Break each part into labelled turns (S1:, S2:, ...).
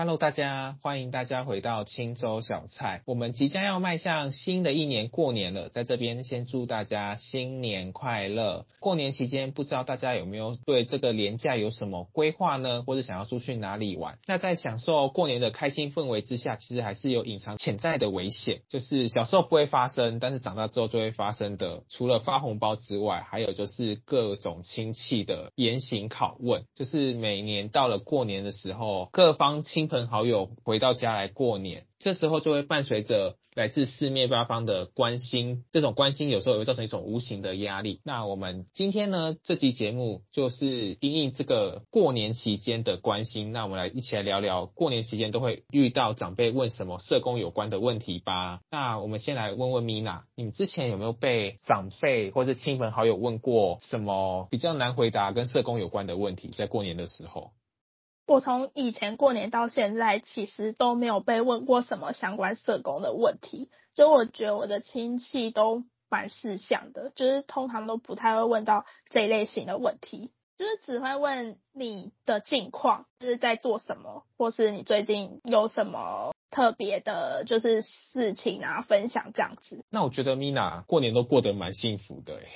S1: 哈嘍，Hello, 大家，歡迎大家回到清粥小菜。我們即將要邁向新的一年，過年了，在這邊先祝大家新年快樂。過年期間，不知道大家有沒有對這個年假有什麼規劃呢？或者想要出去哪裡玩？那在享受過年的開心氛圍之下，其實還是有隱藏潛在的危險，就是小時候不會發生，但是長大之後就會發生的。除了發紅包之外，還有就是各種親戚的嚴刑拷問，就是每年到了過年的時候，各方親。親朋好友回到家來過年，這時候就會伴隨着來自四面八方的關心，這種關心有時候也會造成一種無形的壓力。那我們今天呢，這集節目就是因應這個過年期間的關心，那我們來一起來聊聊過年期間都會遇到長輩問什麼社工有關的問題吧。那我們先來問問米娜，你之前有沒有被長輩或是親朋好友問過什麼比較難回答跟社工有關的問題，在過年的時候？
S2: 我從以前過年到現在，其實都沒有被問過什麼相關社工的問題。就我覺得我的親戚都蠻識相的，就是通常都不太會問到這一類型的問題，就是只會問你的近況，就是在做什麼，或是你最近有什麼特別的，就是事情啊，分享這樣子。
S1: 那我覺得 Mina 過年都過得蠻幸福的欸。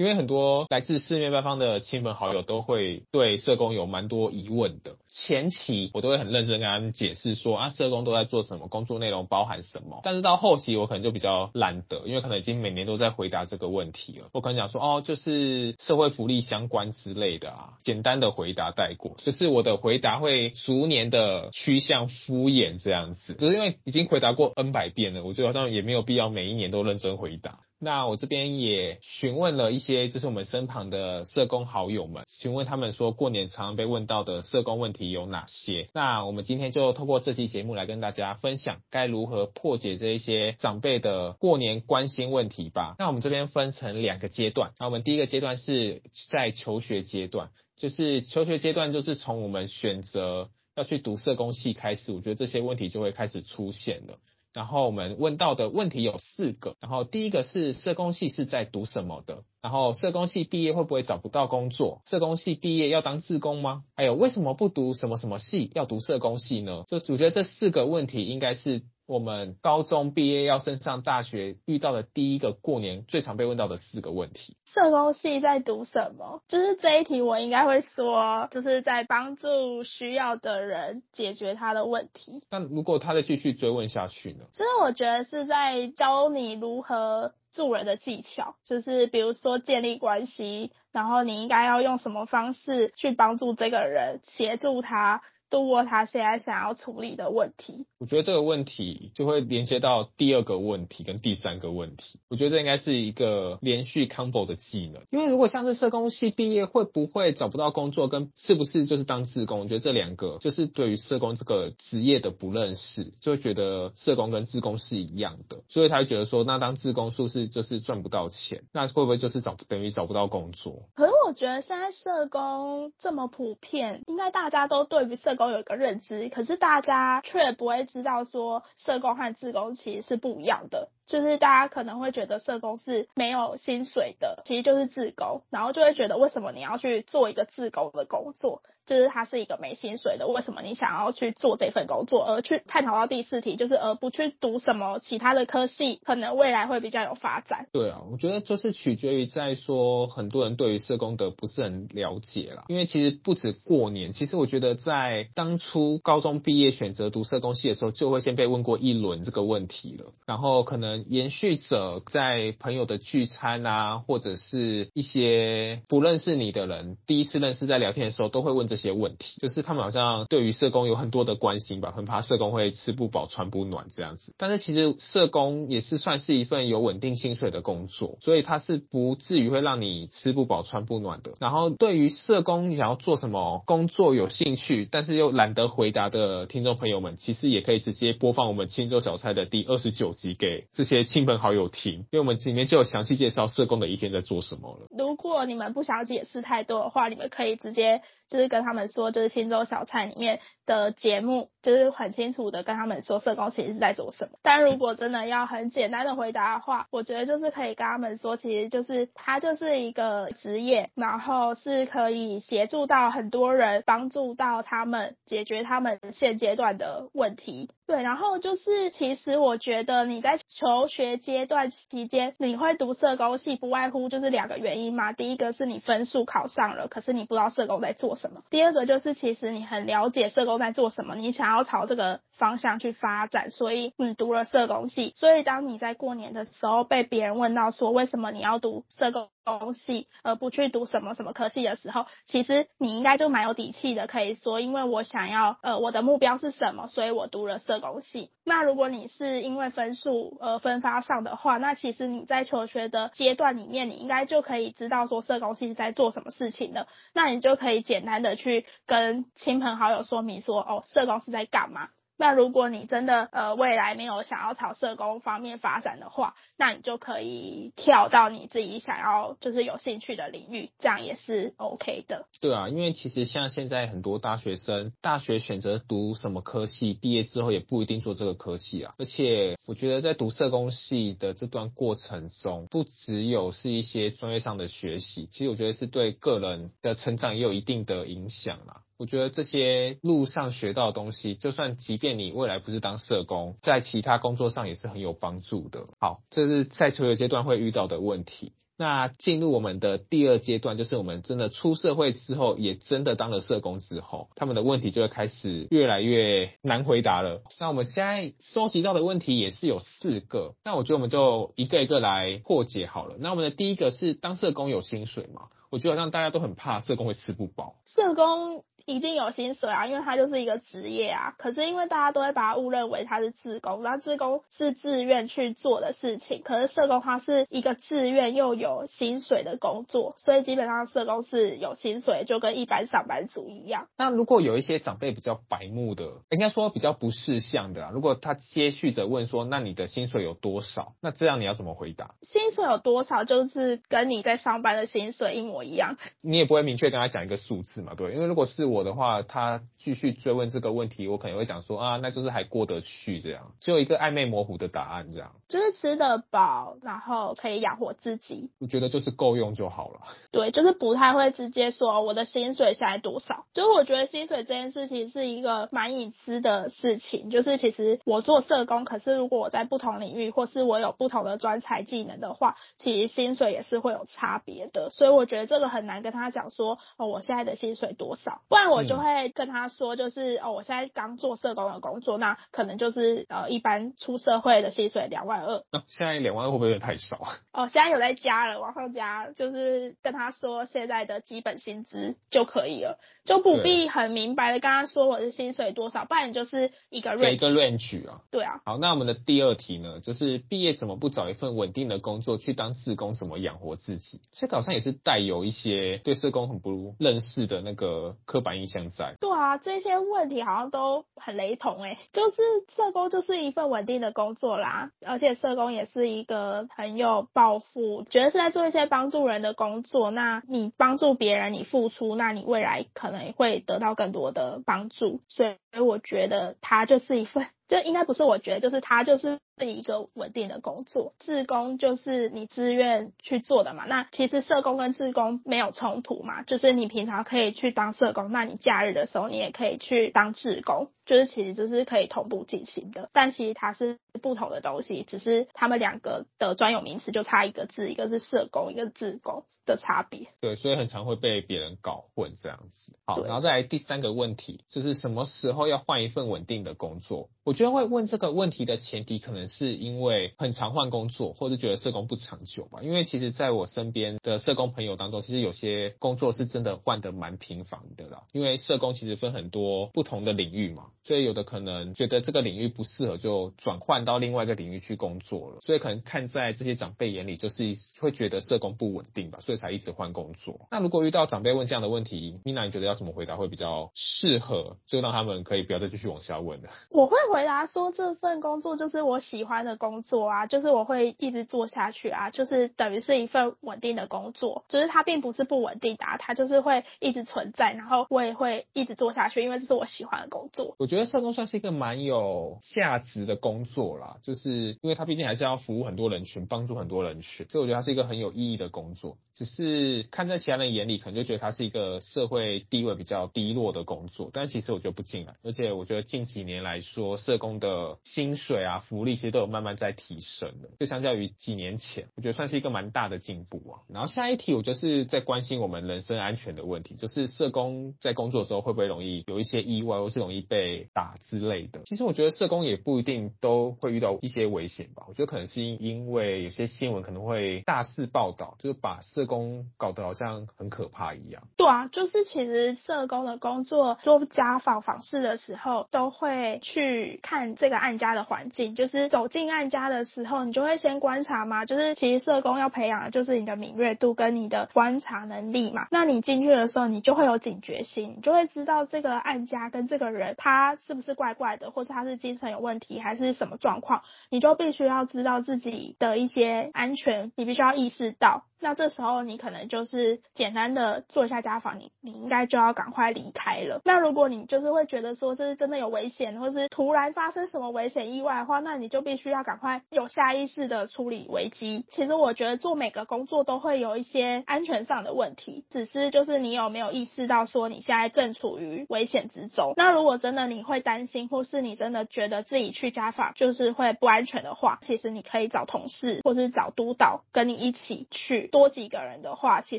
S1: 因為很多來自四面八方的親朋好友都會對社工有蠻多疑問的，前期我都會很認真跟他們解釋說啊，社工都在做什麼，工作內容包含什麼。但是到後期我可能就比較懶得，因為可能已經每年都在回答這個問題了。我可能想說哦，就是社會福利相關之類的啊，簡單的回答帶過，就是我的回答會逐年的趨向敷衍這樣子，只是因為已經回答過 N 百遍了，我覺得好像也沒有必要每一年都認真回答。那我這邊也詢問了一些，就是我們身旁的社工好友們，詢問他們說過年常常被問到的社工問題有哪些。那我們今天就透過這期節目來跟大家分享，該如何破解這一些長輩的過年關心問題吧。那我們這邊分成兩個階段，那我們第一個階段是在求學階段，就是求學階段就是從我們選擇要去讀社工系開始，我覺得這些問題就會開始出現了。然後我們問到的問題有四個，然後第一個是社工系是在讀什麼的，然後社工系畢業會不會找不到工作？社工系畢業要當志工嗎？還有為什麼不讀什麼什麼系，要讀社工系呢？就我覺得這四個問題應該是。我們高中畢業要升上大學，遇到的第一個過年最常被問到的四個問題。
S2: 社工系在讀什麼？就是這一題，我應該會說，就是在幫助需要的人解決他的問
S1: 題。但如果他再繼續追問下去呢？就
S2: 是我覺得是在教你如何助人的技巧，就是比如說建立關係，然後你應該要用什麼方式去幫助這個人，協助他。多他現在想要處理
S1: 的問題。我覺得這個問題就會連接到第二個問題跟第三個問題。我覺得這應該是一個連續 combo 的技能。因為如果像是社工系畢業，會不會找不到工作？跟是不是就是當志工？我覺得這兩個就是對於社工這個職業的不認識，就會覺得社工跟志工是一樣的，所以他會覺得說，那當志工是不是就是賺不到錢？那會不會就是找等於找不到工作？
S2: 哦我覺得現在社工這麼普遍，應該大家都對於社工有一個認知，可是大家卻不會知道說社工和志工其實是不一樣的。就是大家可能會覺得社工是沒有薪水的，其實就是自工，然後就會覺得為什麼你要去做一個自工的工作，就是它是一個沒薪水的，為什麼你想要去做這份工作？而去探討到第四題，就是而不去讀什麼其他的科系，可能未來會比較有
S1: 發展。對啊，我覺得就是取決於在說很多人對於社工的不是很了解啦，因為其實不只過年，其實我覺得在當初高中畢業選擇讀社工系的時候，就會先被問過一輪這個問題了，然後可能。延續者在朋友的聚餐啊，或者是一些不認識你的人第一次認識在聊天的時候，都會問這些問題。就是他們好像對於社工有很多的關心吧，很怕社工會吃不飽穿不暖這樣子。但是其實社工也是算是一份有穩定薪水的工作，所以他是不至於會讓你吃不飽穿不暖的。然後對於社工你想要做什麼工作有興趣，但是又懶得回答的聽眾朋友們，其實也可以直接播放我們清粥小菜的第二十九集給些親朋好友聽，因為我們今天就有詳細介紹社工的一天在做什麼了。
S2: 如果你們不想解釋太多的話，你們可以直接就是跟他們說，就是清粥小菜裡面的節目，就是很清楚的跟他們說社工其實是在做什麼。但如果真的要很簡單的回答的話，我覺得就是可以跟他們說，其實就是他就是一個職業，然後是可以協助到很多人，幫助到他們解決他們現階段的問題。對，然後就是其實我覺得你在求。留學階段期間，你會讀社工系，不外乎就是兩個原因嘛。第一個是你分數考上了，可是你不知道社工在做什麼；第二個就是其實你很了解社工在做什麼，你想要朝這個方向去發展，所以你讀了社工系。所以當你在過年的時候被別人問到說為什麼你要讀社工系，而不去讀什麼什麼科系的時候，其實你應該就蠻有底氣的，可以說因為我想要呃，我的目標是什麼，所以我讀了社工系。那如果你是因為分數呃。分發上的話，那其實你在求學的階段裡面，你應該就可以知道說社工是在做什麼事情的。那你就可以簡單的去跟親朋好友說明說，哦，社工是在幹嘛。那如果你真的呃未來沒有想要朝社工方面發展的話，那你就可以跳到你自己想要就是有興趣的領域，這樣也是 OK 的。
S1: 對啊，因為其實像現在很多大學生大學選擇讀什麼科系，畢業之後也不一定做這個科系啊。而且我覺得在讀社工系的這段過程中，不只有是一些專業上的學習，其實我覺得是對個人的成長也有一定的影響啦、啊。我覺得這些路上學到的東西，就算即便你未來不是當社工，在其他工作上也是很有幫助的。好，這是在求學階段會遇到的問題。那進入我們的第二階段，就是我們真的出社會之後，也真的當了社工之後，他們的問題就會開始越來越難回答了。那我們現在收集到的問題也是有四個，那我覺得我們就一個一個來破解好了。那我們的第一個是，當社工有薪水嗎？我覺得好像大家都很怕社工會吃不飽，
S2: 社工。一定有薪水啊，因為他就是一個職業啊。可是因為大家都會把他誤認為他是志工，那志工是自願去做的事情，可是社工他是一個自願又有薪水的工作，所以基本上社工是有薪水，就跟一般上班族一樣。
S1: 那如果有一些長輩比較白目的，應該說比較不識相的，啊，如果他接續着問說，那你的薪水有多少？那這樣你要怎麼回答？
S2: 薪水有多少就是跟你在上班的薪水一模一樣。
S1: 你也不會明確跟他講一個數字嘛，對，因為如果是我。我的話，他繼續追問這個問題，我可能會講說啊，那就是還過得去這樣，就一個曖昧模糊的答案這樣，
S2: 就是吃得飽，然後可以養活自己。
S1: 我覺得就是夠用就好了。
S2: 對，就是不太會直接說我的薪水現在多少。就是我覺得薪水這件事情是一個蠻隱私的事情。就是其實我做社工，可是如果我在不同領域，或是我有不同的專才技能的話，其實薪水也是會有差別的。所以我覺得這個很難跟他講說，哦，我現在的薪水多少。那我就會跟他說，就是哦，我現在剛做社工的工作，那可能就是呃，一般出社會的薪水兩萬二。
S1: 那現在兩萬二會不會太少？
S2: 哦，現在有在加了，往上加，就是跟他說現在的基本薪資就可以了。都不必很明白的跟他說我的薪水多少，對不然你就是一個 range, 一個
S1: range 啊，對啊。好，那我們的第二題呢，就是畢業怎麼不找一份穩定的工作去當社工，怎麼養活自己？這個、好像也是帶有一些對社工很不認識的那個刻板印象在。
S2: 對啊，這些問題好像都很雷同誒、欸，就是社工就是一份穩定的工作啦，而且社工也是一個很有抱負，覺得是在做一些幫助人的工作。那你幫助別人，你付出，那你未來可能。會得到更多的幫助，所以我覺得他就是一份。這應該不是我覺得，就是他就是，是一個穩定的工作，志工就是你自願去做的嘛。那其實社工跟志工沒有衝突嘛，就是你平常可以去當社工，那你假日的時候你也可以去當志工，就是其實就是可以同步進行的。但其實它是不同的東西，只是他們兩個的專有名詞就差一個字，一個是社工，一個是志工的差別。
S1: 對，所以很常會被別人搞混這樣子。好，然後再來第三個問題，就是什麼時候要換一份穩定的工作？我覺得會問這個問題的前提可能是。是因為很常換工作，或是覺得社工不長久吧？因為其實在我身邊的社工朋友當中，其實有些工作是真的換得蠻頻繁的啦。因為社工其實分很多不同的領域嘛，所以有的可能覺得這個領域不適合，就轉換到另外一個領域去工作了。所以可能看在這些長輩眼裡，就是會覺得社工不穩定吧，所以才一直換工作。那如果遇到長輩問這樣的問題，米娜你覺得要怎麼回答會比較適合？就讓他們可以不要再繼續往下問了。
S2: 我會回答說，這份工作就是我喜。喜歡的工作啊，就是我會一直做下去啊，就是等於是一份穩定的工作，就是它並不是不穩定的啊，它就是會一直存在，然後我也會一直做下去，因為這是我喜歡的工作。
S1: 我覺得社工算是一個蠻有價值的工作啦，就是因為它畢竟還是要服務很多人群，幫助很多人群，所以我覺得它是一個很有意義的工作。只是看在其他人眼裡，可能就覺得它是一個社會地位比較低落的工作，但其實我覺得不進來，而且我覺得近幾年來說，社工的薪水啊、福利其實都有慢慢在提升的，就相較於幾年前，我覺得算是一個蠻大的進步啊。然後下一題，我就是在關心我們人身安全的問題，就是社工在工作的時候會不會容易有一些意外，或是容易被打之類的。其實我覺得社工也不一定都會遇到一些危險吧。我覺得可能是因為有些新聞可能會大肆報道，就是把社工搞得好像很可怕一樣。
S2: 對啊，就是其實社工的工作做家訪訪視的時候，都會去看這個案家的環境，就是。走進案家的時候，你就會先觀察嘛，就是其實社工要培養的就是你的敏銳度跟你的觀察能力嘛。那你進去的時候，你就會有警覺心，你就會知道這個案家跟這個人他是不是怪怪的，或是他是精神有問題，還是什麼狀況？你就必須要知道自己的一些安全，你必須要意識到。那這時候你可能就是簡單的做一下家訪，你你應該就要趕快離開了。那如果你就是會覺得說這是真的有危險，或是突然發生什麼危險意外的話，那你就。必須要趕快有下意識的處理危機。其實我覺得做每個工作都會有一些安全上的問題，只是就是你有沒有意識到說你現在正處於危險之中。那如果真的你會擔心，或是你真的覺得自己去家訪就是會不安全的話，其實你可以找同事或是找督導跟你一起去。多幾個人的話，其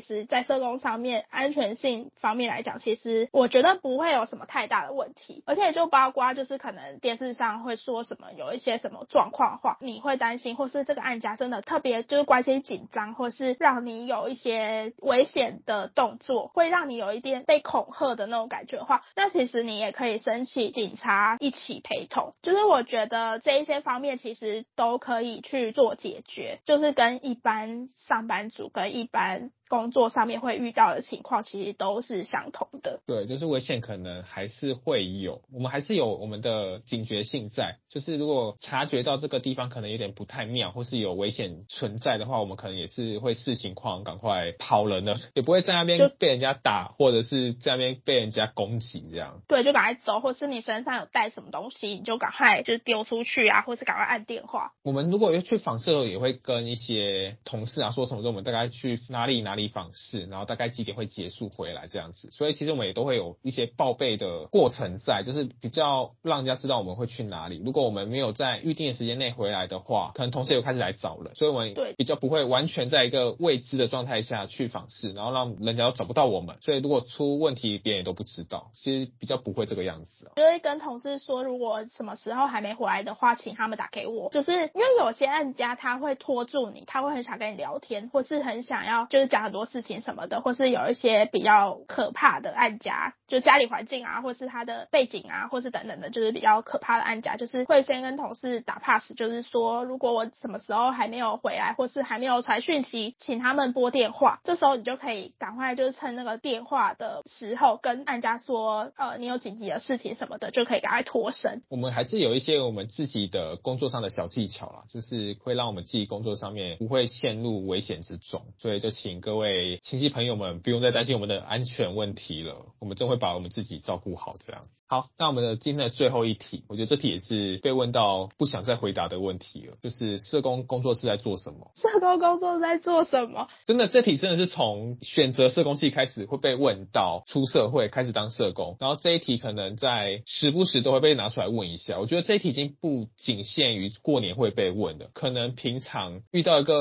S2: 實在社工上面安全性方面來講，其實我覺得不會有什麼太大的問題，而且就包括就是可能電視上會說什麼有一些什麼。狀況的話，你會擔心，或是這個案家真的特別，就是關係緊張，或是讓你有一些危險的動作，會讓你有一點被恐嚇的那種感覺的話，那其實你也可以申請警察一起陪同。就是我覺得這一些方面其實都可以去做解決，就是跟一般上班族跟一般，工作上面會遇到的情況，其實都是
S1: 相同的。對，就是危險可能還是會有，我們還是有我們的警覺性在。就是如果察覺到這個地方可能有點不太妙，或是有危險存在的話，我們可能也是會視情況趕快跑人的，也不會在那邊被人家打，就或者是在那邊被人家攻擊這樣。
S2: 對，就趕快走，或是你身上有帶什麼東西，你就趕快就丟出去啊，或是趕快按電話。
S1: 我們如果要去訪視，也會跟一些同事啊說什麼，我們大概去哪裡哪裡。你訪視，然後大概幾點會結束回來這樣子，所以其實我們也都會有一些報備的過程在，就是比較讓人家知道我們會去哪裡。如果我們沒有在預定的時間內回來的話，可能同事又開始來找了，所以我們對比較不會完全在一個未知的狀態下去訪視，然後讓人家又找不到我們，所以如果出問題，別人也都不知道，其實比較不會這個樣子、
S2: 啊。就會跟同事說，如果什麼時候還沒回來的話，請他們打給我，就是因為有些案家他會拖住你，他會很想跟你聊天，或是很想要就是講。很多事情什麼的，或是有一些比較可怕的案家，就家裡環境啊，或是他的背景啊，或是等等的，就是比較可怕的案家，就是會先跟同事打 pass，就是說如果我什麼時候還沒有回來，或是還沒有傳訊息，請他們撥電話。這時候你就可以趕快，就是趁那個電話的時候跟案家說，呃，你有緊急的事情什麼的，就可以趕快脫身。
S1: 我們還是有一些我們自己的工作上的小技巧啦，就是會讓我們自己工作上面不會陷入危險之中，所以就請各位。因為親戚朋友們不用再擔心我們的安全問題了，我們真會把我們自己照顧好這樣。好，那我們的今天的最後一題，我覺得這題也是被問到不想再回答的問題了，就是社工工作是在做什麼？
S2: 社工工作是在做什麼？
S1: 真的，這題真的是從選擇社工系開始會被問到，出社會開始當社工，然後這一題可能在時不時都會被拿出來問一下。我覺得這一題已經不僅限於過年會被問的，可能平常遇到一個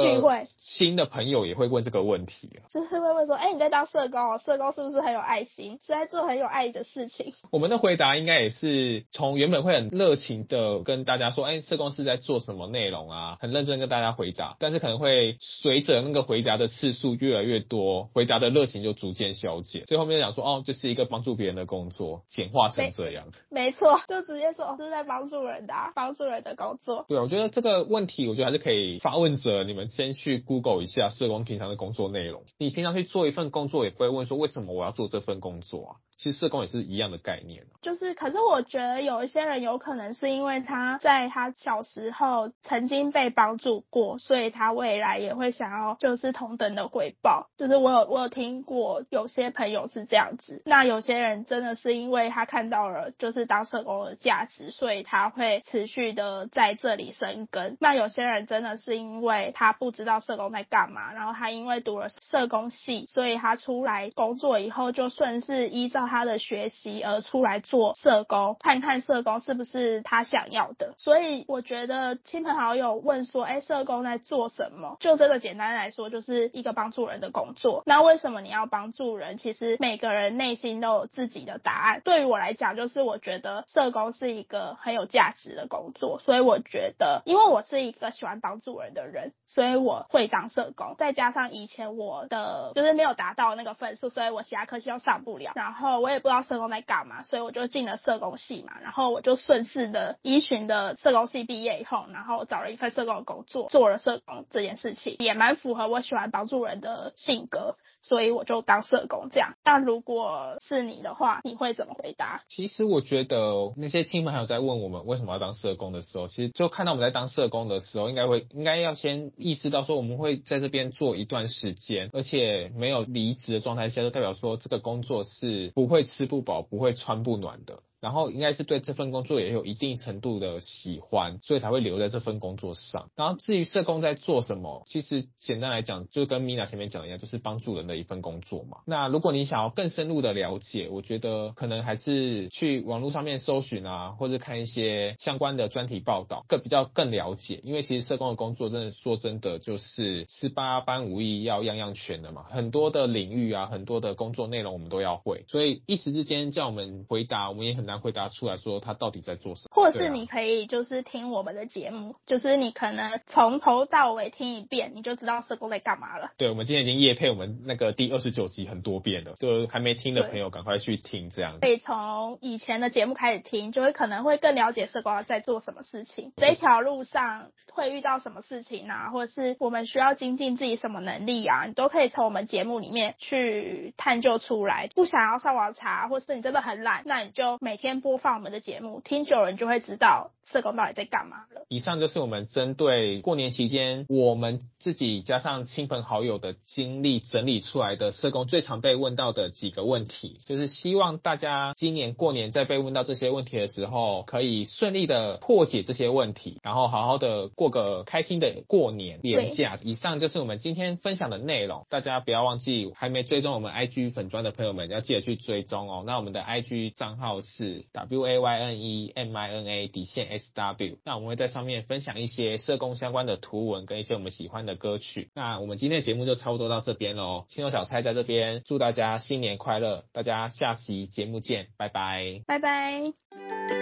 S1: 新的朋友也會問這個問題，會就是
S2: 會問說：“哎、欸，你在當社工哦？社工是不是很有愛心？是在做很有愛的事情？”
S1: 我們的回答。大家應該也是從原本會很熱情的跟大家說，哎、欸，社工是在做什麼內容啊？很認真跟大家回答，但是可能會隨着那個回答的次數越來越多，回答的熱情就逐漸消減。所以後面講說，哦，這、就是一個幫助別人的工作，簡化成這樣。沒，沒
S2: 錯，就直接說，是在幫助人的、啊，幫助人的工作。
S1: 對、啊、我覺得這個問題，我覺得還是可以發問者，你們先去 Google 一下社工平常的工作內容。你平常去做一份工作，也不會問說為什麼我要做這份工作啊？其實社工也是一樣的概念、啊。
S2: 就是，可是我覺得有一些人有可能是因為他在他小時候曾經被幫助過，所以他未來也會想要就是同等的回報。就是我有我有聽過有些朋友是這樣子。那有些人真的是因為他看到了就是當社工的價值，所以他會持續的在這裡生根。那有些人真的是因為他不知道社工在幹嘛，然後他因為讀了社工系，所以他出來工作以後就順勢依照他的學習而出來做。社工，看看社工是不是他想要的。所以我覺得親朋好友問說：“哎、欸，社工在做什麼？”就這個簡單來說，就是一個幫助人的工作。那為什麼你要幫助人？其實每個人內心都有自己的答案。對於我來講，就是我覺得社工是一個很有價值的工作。所以我覺得，因為我是一個喜歡幫助人的人，所以我會當社工。再加上以前我的就是沒有達到那個分數，所以我其他科系都上不了。然後我也不知道社工在幹嘛，所以我就。就進了社工系嘛，然後我就順勢的依循的社工系畢業以後，然後找了一份社工工作，做了社工這件事情，也蠻符合我喜歡幫助人的性格。所以我就當社工這樣。但如果是你的話，你會怎麼回答？
S1: 其實我覺得那些親朋好友在問我們為什麼要當社工的時候，其實就看到我們在當社工的時候，應該會應該要先意識到說我們會在這邊做一段時間，而且沒有離職的狀態下，就代表說這個工作是不會吃不飽、不會穿不暖的。然後應該是對這份工作也有一定程度的喜歡，所以才會留在這份工作上。然後至於社工在做什麼，其實簡單來講，就跟米娜前面講一樣，就是幫助人的一份工作嘛。那如果你想要更深入的了解，我覺得可能還是去網絡上面搜尋啊，或者看一些相關的專題報道，更比較更了解。因為其實社工的工作，真的說真的，就是十八般武藝要樣樣全的嘛，很多的領域啊，很多的工作內容我們都要會。所以一時之間叫我們回答，我們也很難。回答出來說他到底在做什麼，或者是
S2: 你可以就是聽我們的節目，啊、就是你可能從頭到尾聽一遍，你就知道社工在幹嘛了。
S1: 對，我們今天已經業配我們那個第二十九集很多遍了，就還沒聽的朋友趕快去聽，這樣對可
S2: 以從以前的節目開始聽，就會可能會更了解社工在做什麼事情，嗯、這一條路上會遇到什麼事情啊，或者是我們需要精進自己什麼能力啊，你都可以從我們節目裡面去探究出來。不想要上網查，或是你真的很懶，那你就每天播放我們的節目，聽久了人就會知道社工到底在幹嘛
S1: 了。以上就是我們針對過年期間，我們自己加上親朋好友的經歷整理出來的社工最常被問到的幾個問題，就是希望大家今年過年在被問到這些問題的時候，可以順利的破解這些問題，然後好好的過個開心的過年年假。對以上就是我們今天分享的內容，大家不要忘記，還沒追蹤我們 IG 粉專的朋友們要記得去追蹤哦。那我們的 IG 賬號是。W A Y N E M I N A 底線 S, S W，那我們會在上面分享一些社工相關的圖文跟一些我們喜歡的歌曲。那我們今天的節目就差不多到這邊嘍，清粥小菜在這邊祝大家新年快樂，大家下期節目見，拜拜，
S2: 拜拜。